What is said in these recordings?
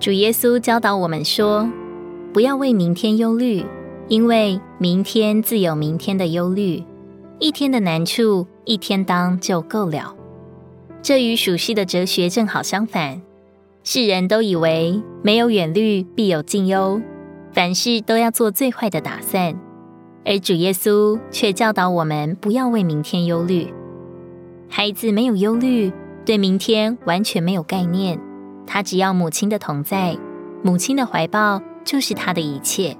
主耶穌教導我們說：“不要為明天憂慮，因為明天自有明天的憂慮，一天的難處一天當就夠了。”這與屬世的哲學正好相反。世人都以為沒有遠慮，必有近憂，凡事都要做最壞的打算。而主耶穌卻教導我們不要為明天憂慮。孩子沒有憂慮，對明天完全沒有概念。他只要母親的同在，母親的懷抱就是他的一切。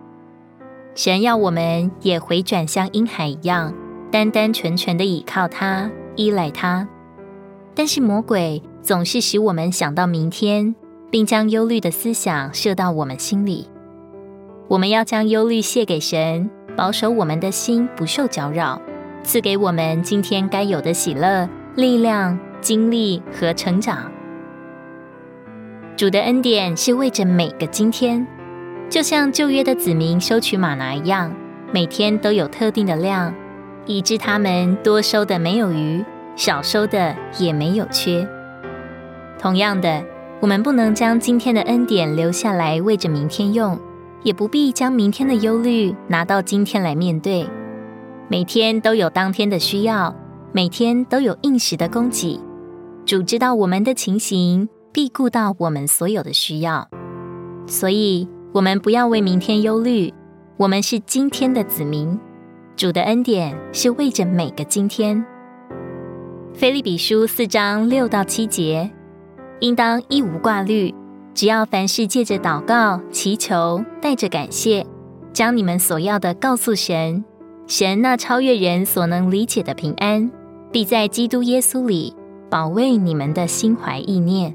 神要我們也回轉像嬰孩一樣，單單純純的倚靠他、依賴他。但是魔鬼總是使我們想到明天，並將憂慮的思想射到我們心裡。我們要將憂慮卸給神，保守我們的心不受攪擾，賜給我們今天該有的喜樂、力量、經歷和成長。主的恩典是為着每個今天，就像舊約的子民收取嗎哪一樣，每天都有特定的量，以致他們多收的沒有餘，少收的也沒有缺。同樣的，我們不能將今天的恩典留下來為着明天用，也不必將明天的憂慮拿到今天來面對。每天都有當天的需要，每天都有應時的供給。主知道我們的情形。必顧到我們所有的需要，所以我們不要為明天憂慮。我們是今天的子民，主的恩典是為着每個今天。腓立比書四章六到七節，應當一無掛慮，只要凡事借着禱告祈求，帶着感謝，將你們所要的告訴神。神那超越人所能理解的平安，必在基督耶穌裡保衛你們的心懷意念。